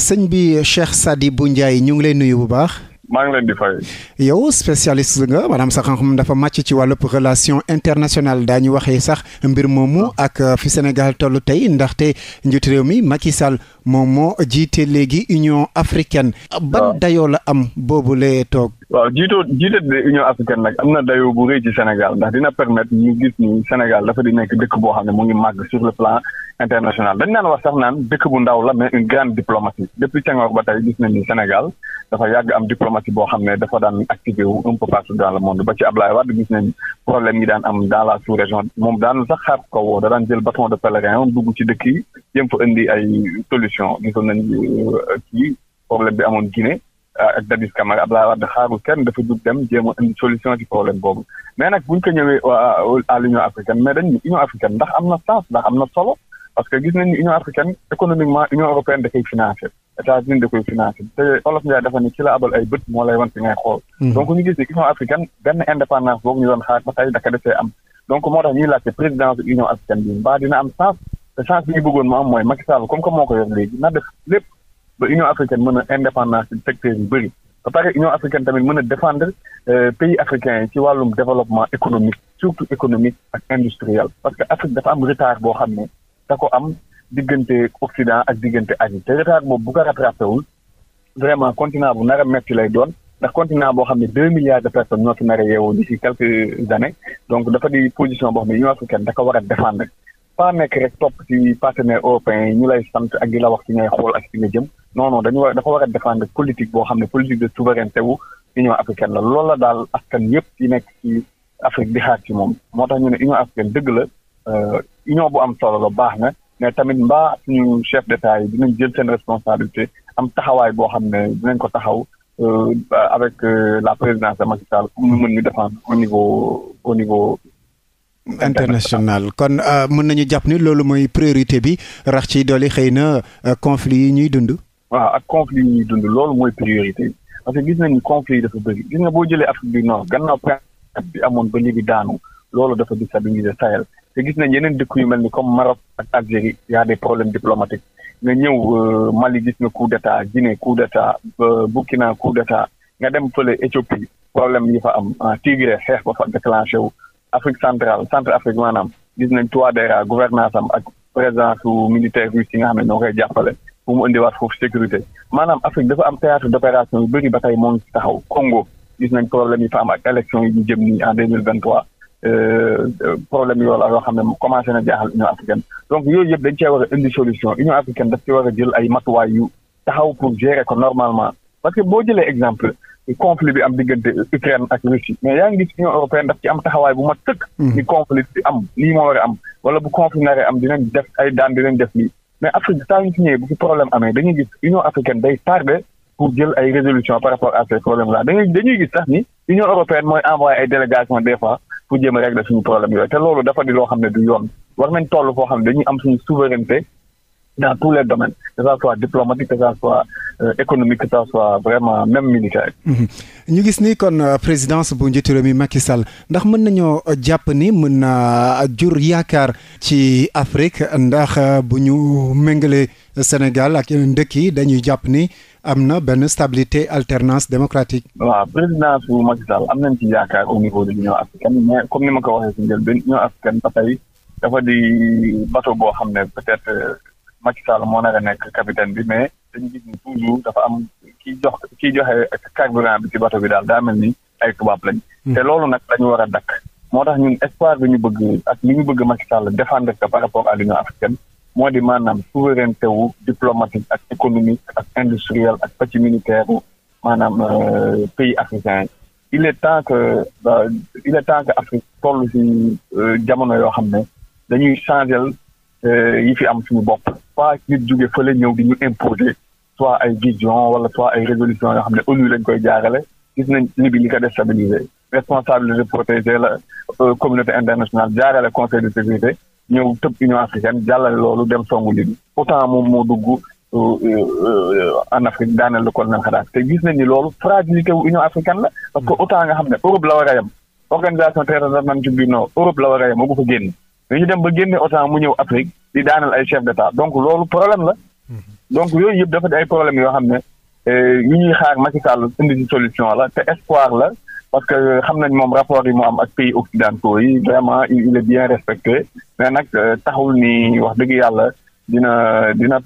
sëñ bi Cheikh Sadibou Ndiaye ñu ngi lay nuyu bu baax. maa ngi leen di fay. yow spécialiste nga maanaam sa xam-xam dafa màcc ci wàllub relation internationale daañu waxee sax mbir moomu ak uh, fi Sénégal toll tey ndaxte njiitu réew mi Macky Sall moom moo jiite léegi Union africaine. ban dayoo la am boobu lee toog. waaw jiitoo jiite Union africaine nag am na dayo bu rëy ci Sénégal ndax dina permettre ñu gis ni Sénégal dafa di nekk dëkk boo xam ne mu ngi màgg sur le plan international dañ naan wax sax naan dëkk bu ndaw la mais une grande diplomatie depuis Senghor ba tey gis nañ Sénégal dafa yàgg am diplomatie boo xam ne dafa daan activé wu un peu partout dans le monde ba ci Ablaye Wade gis nañ problème yi daan am dans la sous-région moom daanul sax xaar ko woo da daan jël bâton de pèlerin dugg ci dëkk yi jéem fa indi ay solution gisoon nañ euh, kii problème bi amoon Guinée euh, ak Dadis Camara Abdoulaye Wade xaarul kenn dafa a parce que gis nañu union africaine économiquement union européenne da koy financé États-Unis da koy financé te Olof Ndiaye dafa ni ci la abal ay bët moo lay wan fi ngay xool. Hmm. donc ñu gis ne union africaine benn indépendance boobu ñu doon xaar ba tey daka desee am. donc moo tax ñuy laajte présidence union africaine bi mbaa dina am sens te sens bëggoon mu am mooy Macky Sall comme que moo ko léegi na def lépp ba union africaine mën a indépendance ci secteur euh, yi ci wàllum développement économique surtout économique ak industriel parce que Afrique boo xam ne. da ko am diggante Occident ak diggante Asie te retard boobu bu ko rattrapé wul vraiment continent bu nar a metti lay doon ndax continent boo xam ne deux milliards de personnes ñoo fi nar a yeewoo d'ici quelques années donc dafa di position boo xam ne Union africaine da ko war a défendre pas nekk rek topp ci partenaires ñu lay sant ak di la wax ci xool ak ci nga jëm non non dañu war dafa war a défendre politique boo xam ne politique de souveraineté wu Union africaine la loolu daal askan yëpp yi nekk ci Afrique di xaar ci moom moo tax ñu ne Union africaine dëgg la Euh, union bu am solo la baax na mais tamit mbaa suñu chef d'état yi dinañ jël seen responsabilité am taxawaay boo xam ne dinañ ko taxaw euh, avec euh, la présidence de Macky pour mu mën ñu défendre au niveau au niveau international kon mën nañu jàpp ni loolu mooy priorité bi rax ci dolli xëy na conflit yi ñuy dund waaw ak conflit yi ñuy dund loolu mooy priorité bi parce que gis nañu conflit yi dafa bëri gis nga boo jëlee Afrique du Nord gannaaw bi amoon ba léegi daanu loolu dafa déstabiliser Sahel te gis nañ yeneen dëkk yu mel ni comme Maroc ak Algérie y a des problèmes diplomatiques nga ñëw euh, Mali gis nga coup d'état Guinée coup d'état Burkina coup d'état nga dem fële Éthiopie problème yi fa am ah, Tigré xeex ba fa déclenché wu Afrique centrale centre Afrique maanaam gis nañ Touadéra gouvernance am ak présence militaire russe yi nga xam ne ñoo koy jàppale pour mu indiwaat sécurité maanaam Afrique dafa am théâtre d'opération yu bëri ba tey moo ngi taxaw Congo gis nañ problème yi fa am ak élection yi ñu jëm nii en deux Euh, problème yoola yoo xam ne commencé na jaaxal Union africaine donc yooyu yëpp dañ cee war a indi solution Union africaine daf ci war jël ay matuwaay yu taxaw pour gérer ko normalement parce que boo jëlee exemple conflit bi am diggante Ukraine ak Russie mais yaa ngi Union européenne daf ci am taxawaay bu ma tëkk mhm. ni conflit bi am lii moo war am wala bu conflit naree am dinañ def ay daan dinañ def lii mais Afrique saa ñu ci ñëwee bu fi problème des fois pour jéem a régler suñu problème yooyu te loolu dafa di loo xam ne du yoon war nañ toll foo xam ne dañuy am suñu souveraineté dans tous les domaines, que ça soit diplomatique, que ça soit euh, économique, que ça soit vraiment même militaire. Mhm. ñu gis ni kon euh, présidence bu njiitu réew mi Macky Sall ndax mën nañoo euh, jàpp ni mën na jur yaakaar ci Afrique ndax bu ñu méngalee Sénégal ak yeneen dëkk yi dañuy jàpp ni am na benn stabilité alternance démocratique. waa présidence bu Macky Sall am nañ ci yaakaar au niveau de l'Union africaine mais comme ni ma ko waxee si njëlbeen Union africaine ba tey dafa di bateau boo xam ne Macky Sall moo na a nekk capitaine bi mais dañu gis ni toujours dafa am ki jox kiy joxe carburant bi ci bato bi daal daa mel ni ay tubaab lañ. Hmm. te loolu nag dañu war a dakk moo tax ñun espoir bi ñu bëgg ak li ñu bëgg Macky Sall défendre ko par rapport à l'Union africaine moo di maanaam souveraineté wu diplomatique ak économique ak industrielle ak pàcc militaire maanaam euh, pays africain il est temps que euh, il est temps que Afrique toll ci euh, jamono yoo xam ne dañuy changer yi fi am suñu bopp pas nit jóge fële ñëw di ñu imposer soit ay vision wala soit ay résolution yoo xam ne ONU lañ koy jaarale gis nañ Libye li ko déstabiliser responsabilité protéger la euh, communauté internationale jaarale conseil de sécurité ñëw tëb union africaine jàllale loolu dem songu Libye pourtant moom moo dugg euh, euh, en Afrique daaneel le colonel Kadhafi te gis nañ ni loolu fragilité wu union africaine la parce que mm. autant nga xam ne Europe la war a yem organisation traité des nations unies Europe la war a yem moo ko fa génn ñu dem ba mu ñëw Afrique di daanal ay chef d'état donc loolu problème la mhm. donc yooyu yëpp dafa di ay problème yoo xam ne yu euh, ñuy xaar Macky Sall indi ci solution la te espoir la parce que euh, xam nañ moom rapport yi mu am ak pays occidentaux yi vraiment il est bien respecté mais nag euh, taxul ni wax dëgg yàlla dina dina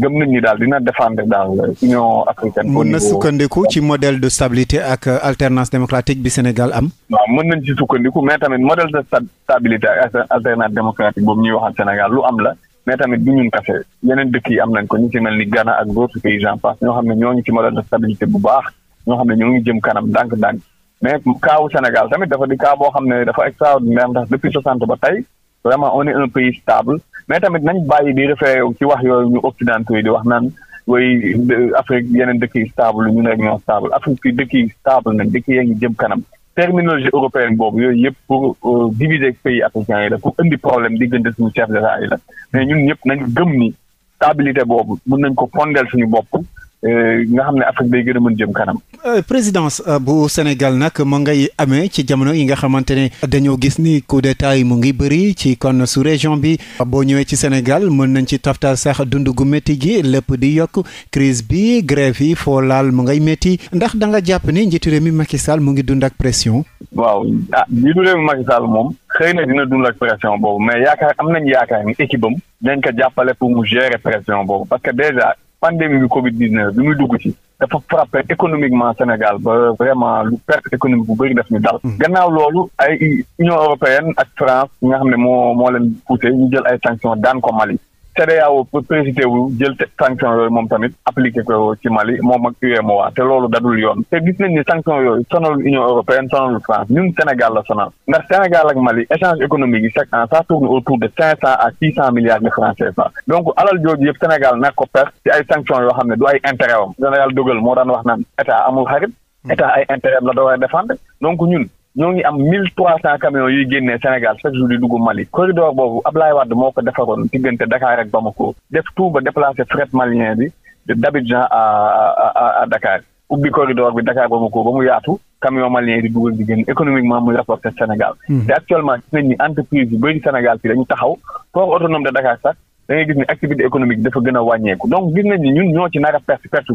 gëm nañ ni daal dina défendre daal union africaine. au niveau mën na sukkandiku ci modèle de stabilité ak euh, alternance démocratique bi Sénégal am. waaw mën nañ ci sukkandiku mais tamit modèle de stabilité ak alternance démocratique boobu ñuy waxal Sénégal lu am la. mais tamit du ñun kase yeneen dëkk yi am nañ ko ñu ci mel ni Ghana ak d'autres pays j'en passe ñoo xam ne ñoo ngi ci modèle de stabilité bu baax ñoo xam ne ñoo ngi jëm kanam ndànk-ndànk mais kaawu Sénégal tamit dafa di kaa boo xam ne dafa extraordinaire ndax depuis ba tey vraiment on est un pays stable mais tamit nañ bàyyi di référé ci wax yooyu ñu occidentaux yi di wax naan way Afrique yeneen dëkk yi stable ñu nekk ñoo stable Afrique dëkk yi stable nañ dëkk yaa ngi jëm kanam terminologie européenne boobu yooyu yëpp pour euh, diviser pays africains yi la pour indi problème diggante suñu chef d'État yi la mais ñun ñëpp nañ gëm ni stabilité boobu mun nañ ko fondeel suñu bopp Euh, nga xam ne Afrique day gën a mën jëm kanam. Euh, présidence euh, bu Sénégal nag mu ngay amee ci jamono yi nga xamante ne dañoo gis ni coup d'état yi mu ngi bëri ci kon su région bi boo ñëwee ci Sénégal mën nañ ci taftal sax dund gu métti gi lépp di yokk crise bi grève yi foo laal mu ngay métti ndax da nga jàpp ni njiitu réew mi Macky Sall mu ngi dund ak pression. waaw ah njiitu réew mi Macky Sall moom xëy na dina dund ak pression boobu mais yaakaar am nañ yaakaar ni équipe am dañ ko mu gérer pression boobu pandémie bi Covid 19 bi muy dugg ci dafa frappé économiquement Sénégal ba vraiment lu perte économique bu bëri daf ñu dal. Hmm. gannaaw loolu ay Union européenne ak France nga xam ne moo moo leen poussé ñu jël ay sanctions daan ko Mali. CEDEAO précité wu jël sanction yooyu moom tamit appliqué ko ci Mali moom ak UEMOA te loolu dadul yoon te gis nañ ni sanction yooyu sonalul Union européenne sonalul France ñun Sénégal la sonal ndax Sénégal ak Mali échange économique yi chaque an ça tourne autour de cinq cent à six cent milliards de francs CFA donc alal jooju yëpp Sénégal nekk ko perte ci ay sanctions yoo xam ne du ay intérêt wam Sénégal dogal moo daan wax naan état amul xarit hmm. état ay intérêt la doon ñoo ngi am mille trois cent camions yuy génne Sénégal chaque jour di dugg Mali corridor boobu Ablaye Wade moo ko defaroon diggante Dakar ak ko def tout ba déplacer fret malien bi de d'Abidjan à à Dakar ubbi corridor bi Dakar ko ba mu yaatu camion malien di dugg di génn économiquement muy rapporté Sénégal. Mhm. te actuellement gis nañ ni entreprise bu bëri Sénégal fii dañu taxaw port autonome de Dakar sax da ngay gis ni activité économique dafa gën a wàññeeku donc gis nañ ni ñoo ci nar a perte perte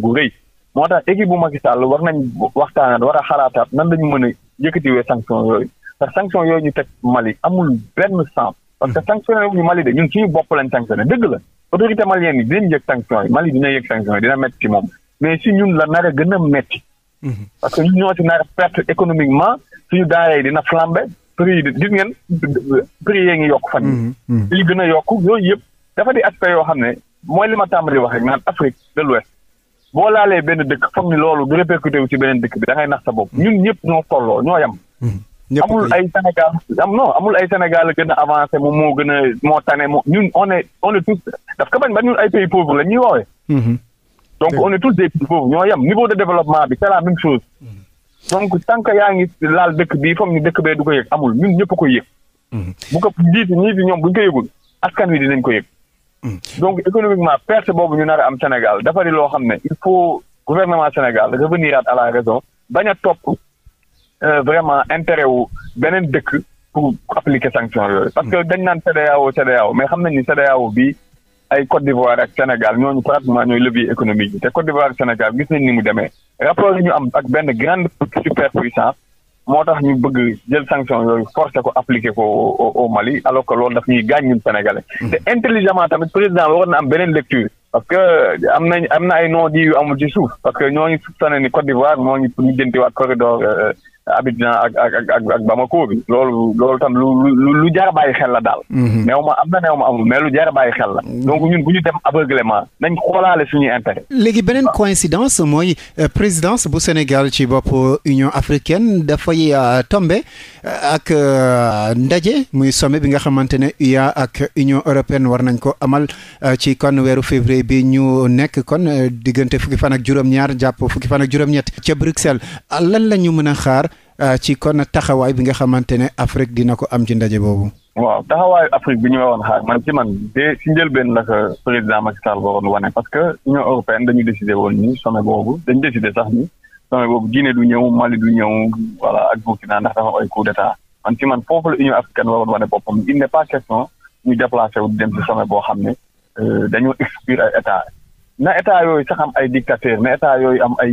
moo tax équipe bu Macky Sall war nañ waxtaanaat war a xalaataat nan lañu mën yëkkatiwee sanction yooyu te sanction yooyu ñu teg Mali amul benn sens parce que hmm. sanctionné wu ñu Mali de ñun suñu bopp lañ sanctionné dëgg la autorité malienne yi dinañ yëg sanction yi Mali dina yëg sanction yi dina métti ci moom mais si ñun la nara gën a métti hmm. parce que ñoo si nar a perte économiquement suñu daara yi dina flambé prix yi gis ngeen prix ngi yokk fan yi hmm. gën a yokk yooyu yëpp dafa di aspect yoo xam ne mooy li ma tàmbali wax rek naan Afrique de boo laalee benn dëkk foog ni loolu du répercuté wu ci beneen dëkk bi da ngay nax sa bopp ñun ñëpp ñoo tolloo ñoo yem. Hmm. amul ay Sénégal am non amul ay Sénégal gën a avancé moom moo gën a moo tane moo ñun on est on est tous daf bañ ba ñun ay pays pauvres la ñuy woowee. Hmm. donc on est tous des pays ñoo yem niveau de développement bi c'est la même chose. Hmm. donc tant que yaa ngi laal dëkk bii foog ni dëkk bee du ko yëg amul ñun ñëpp ko koy yëg. bu ko jiitu ñii fi ñoom buñ ko yëgul askan wi dinañ ko yëg. donc économiquement perte boobu ñu nar am Sénégal dafa di loo xam ne il faut gouvernement Sénégal revenir à la raison bañ a topp euh, vraiment intérêt wu beneen dëkk pour appliquer sanction yooyu. parce que hmm. dañ naan CEDEAO CEDEAO mais xam nañ ni CEDEAO bi ay Côte d'Ivoire ak Sénégal ñooñu pratiquement ñooy levier économique yi te Côte d'Ivoire ak Sénégal gis nañ ni mu demee rapport ñu am ak benn grande superpuissance moo tax ñu bëgg jël sanction yooyu forcé ko appliqué ko au Mali alors que daf ñuy gaañ ñun sénégalais. Hmm. te intelligemment tamit président waroon na am beneen lecture. parce que am nañ am na ay non yu amul ci suuf parce que ñoo ngi soupçonné ni Côte d'Ivoire moo ngi pour ñu jëntiwaat corridor. Euh, Abidjan ak ak ak ak Bamako bi loolu loolu tam lu lu lu bàyyi xel la daal. Mhm. néew ma am na néew ma amul mais lu jar a bàyyi xel la. Mhm. donc ñun bu ñu dem aveuglément nañ xoolaale suñu intérêt. léegi beneen coïncidence mooy euh, présidence bu Sénégal ci bopp Union africaine dafay euh, tombe euh, ak ndaje muy sommet bi nga xamante ne UA ak Union européenne war nañ ko amal ci kon weeru février bi ñu nekk kon diggante fukki fan ak juróom-ñaar jàpp fukki fan ak juróom-ñett ca Bruxelles lan la ñu Euh, ci kon taxawaay bi nga xamante ne Afrique dina ko am ci ndaje boobu. waaw taxawaayu Afrique bi ñu waroon xaar man ci man de si njëlbeen la ko président Macky Sall waroon wane parce que Union européenne dañu décidé woon ni sommet boobu dañu décidé sax ni sommet boobu Guinée du ñëw Mali du ñëw voilà ak Burkina ndax dafa ay coup d'état man ci man foofu la Union africaine waroon wane boppam il n'est pas question ñu déplacé wu dem si sommet boo xam ne euh, dañoo exclure ay état na état yooyu sax am ay dictateur na état yooyu am ay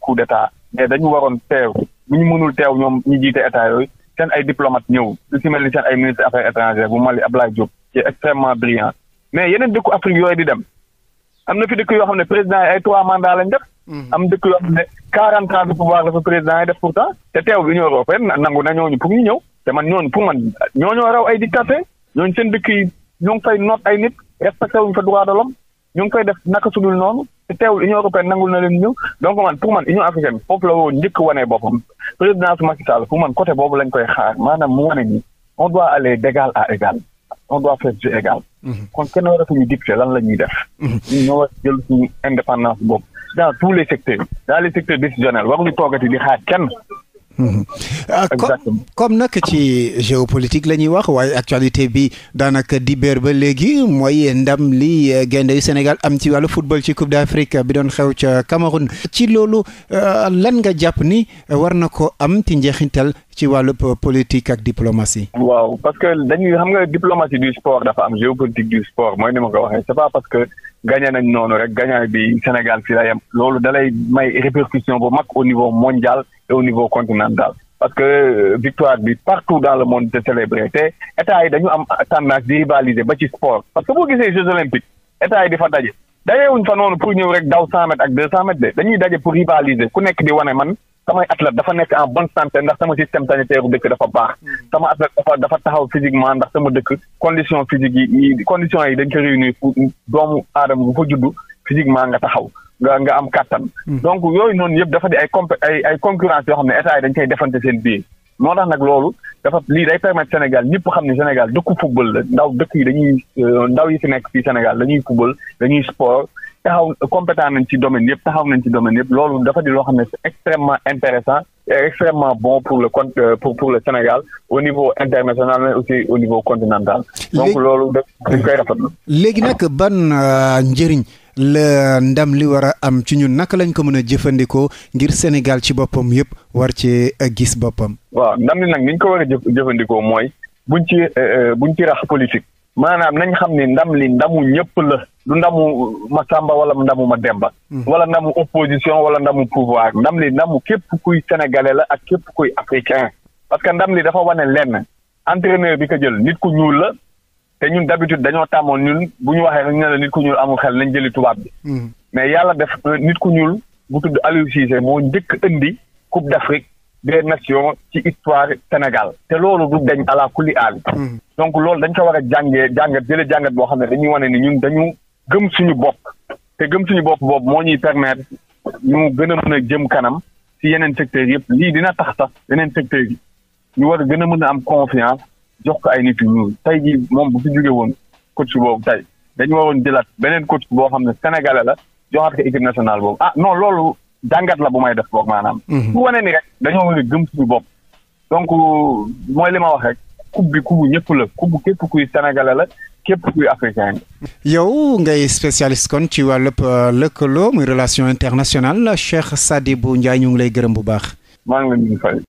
coup d'état mais dañu waroon teew bu ñu mënul teew ñoom ñu jiite état yooyu seen ay diplomate ñëw lu ci mel ni seen ay ministre affaires étrangères bu Mali Abdoulaye Diop qui est extrêmement brillant mais yeneen dëkku Afrique yooyu di dem am na fi dëkk yoo xam ne président yi ay trois mandats lañ def. Mhm. am dëkk yoo xam ne quarante ans de pouvoir la fa président yi def pourtant te teew bi Union européenne nangu na ñooñu pour ñu ñëw te man ñooñu pour man ñooñoo raw ay dictateur ñooñu seen dëkk yi ñoo ngi fay noot ay ñu ngi koy def naka sudul noonu te teewul Union européenne nangul na leen ñëw donc man pour man Union africaine foofu la woon njëkk wane boppam présidence Macky Sall pour man côté boobu lañ koy xaar maanaam mu wane ni on doit aller d'égal à égal on doit faire jeu égal. Mhm. kon kenn war a suñu dicté lan la ñuy def. Mhm. ñu ñoo war jël suñu indépendance boobu dans tous les secteurs dans les secteurs décisionnels waruñu toogati di xaar kenn. Euh, exactement comme nag ci géopolitique la ñuy wax waaye actualité bi daanaka dibéer ba léegi mooy ndam li euh, gaynde Sénégal am ci wàllu football ci Coupe d'Afrique bi doon xew ca Cameroun ci loolu euh, lan nga jàpp ni war na ko am ci njeexintal ci wàllu politique ak diplomatie. waaw parce que dañuy xam nga diplomatie du sport dafa am géopolitique du sport mooy ni ma ko waxee c'est pas parce que gagné nañ noonu rek gagné bi Sénégal fii la yem loolu dalay may répercussion et au niveau continental parce que euh, victoire bi partout dans le monde c'est célébré te état yi dañu am tendance di rivaliser ba ci sport parce que boo gisee Jeux olympiques état yi di fa daje dajewuñ fa noonu pour ñëw rek daw cent mètres ak deux cent de dañuy daje pour rivaliser ku nekk di wane man samay athlète dafa nekk en bonne santé ndax sama système sanitaire bu dëkk dafa baax sama athlète dafa taxaw physiquement ndax sama dëkk condition physique yi conditions yi dañ ko réunir pour doomu aadama bu fa juddu physiquement nga nga nga am kàttan hmm. donc yooyu noonu yëpp dafa di ay comp ay ay concurrence yoo xam ne état dañ koy defante seen bii moo tax nag loolu dafa lii day permettre Sénégal ñëpp xam ne Sénégal dëkku football la ndaw dëkk yi dañuy euh, ndaw yi fi nekk fii Sénégal dañuy football dañuy sport taxaw compétent nañ ci domaine yëpp taxaw nañ ci domaine yëpp loolu dafa di loo xam ne c'est extrêmement intéressant et extrêmement bon pour le compte euh, pour pour le Sénégal au niveau international aussi au niveau continental donc loolu dañ koy rafetlu léegi nag ban euh, njëriñ la ndam li war a am ci ñun naka lañ ko mën a jëfandikoo ngir Sénégal ci boppam yëpp war cee eh, gis boppam. waaw ndam li nag ni ko war a jëfandikoo mooy buñ ci eh, eh, buñ ci rax politique. maanaam nañ xam ni ndam li ndamu ñëpp la du ndamu ma Masamba wala ndamu demba hmm. wala ndamu opposition wala ndamu pouvoir ndam li ndamu képp kuy sénégalais la ak képp kuy africain. parce que ndam li dafa wane lenn entraîneur bi ko jël nit ku ñuul la. te ñun d'habitude dañoo tàmmoon ñun bu ñu waxee rek ñu ne la nit ku ñuul amul xel nañ jëli tubaab bi. Mm-hmm. mais yàlla def euh, nit ku ñuul bu tudd Aliou Cissé moo njëkk indi coupe d'Afrique des nations ci histoire Sénégal te loolu du dañ ala kulli mm-hmm. donc loolu dañ ko war a jàngee jàngat jëlee jàngat boo xam ne dañuy wane ni ñun dañu gëm suñu bopp te gëm suñu bopp boobu moo ñuy permettre ñu gën a mën a jëm kanam ci yeneen secteurs yëpp lii dina tax sax yeneen secteur yi ñu war a gën a mën a am confiance. jox ko ay nit yu ñuul tey jii moom bu fi jógee woon coach boobu tey dañu waroon jëlaat beneen coach boo xam ne sénégalais la joxaat ko équipe nationale boobu ah non loolu jàngat la bu may def boog maanaam. Mhm. su wane rek dañoo war a gëm suñu bopp. donc mooy li ma wax rek coupe bi coupe ñëpp la coupe képp kuy sénégalais la. képp kuy africain. yow ngay spécialiste kon ci wàllub euh, lëkkaloo muy relation internationale Cheikh Sadibou Ndiaye ñu ngi lay gërëm bu baax. maa